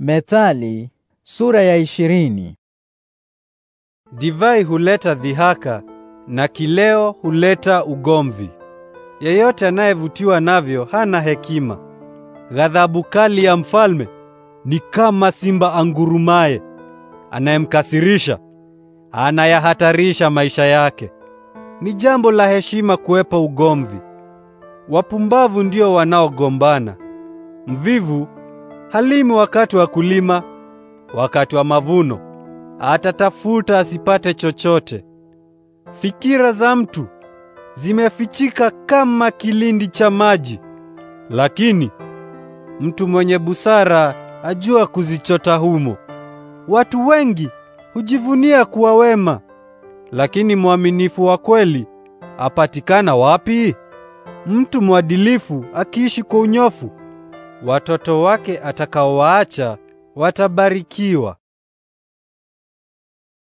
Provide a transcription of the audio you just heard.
Methali sura ya ishirini. Divai huleta dhihaka na kileo huleta ugomvi. Yeyote anayevutiwa navyo hana hekima. Ghadhabu kali ya mfalme ni kama simba angurumaye, anayemkasirisha anayahatarisha maisha yake. Ni jambo la heshima kuwepa ugomvi. Wapumbavu ndio wanaogombana. Mvivu halimi wakati wa kulima, wakati wa mavuno, atatafuta asipate chochote. Fikira za mtu zimefichika kama kilindi cha maji, lakini mtu mwenye busara ajua kuzichota humo. Watu wengi hujivunia kuwa wema, lakini mwaminifu wa kweli apatikana wapi? Mtu mwadilifu akiishi kwa unyofu watoto wake atakaowaacha watabarikiwa.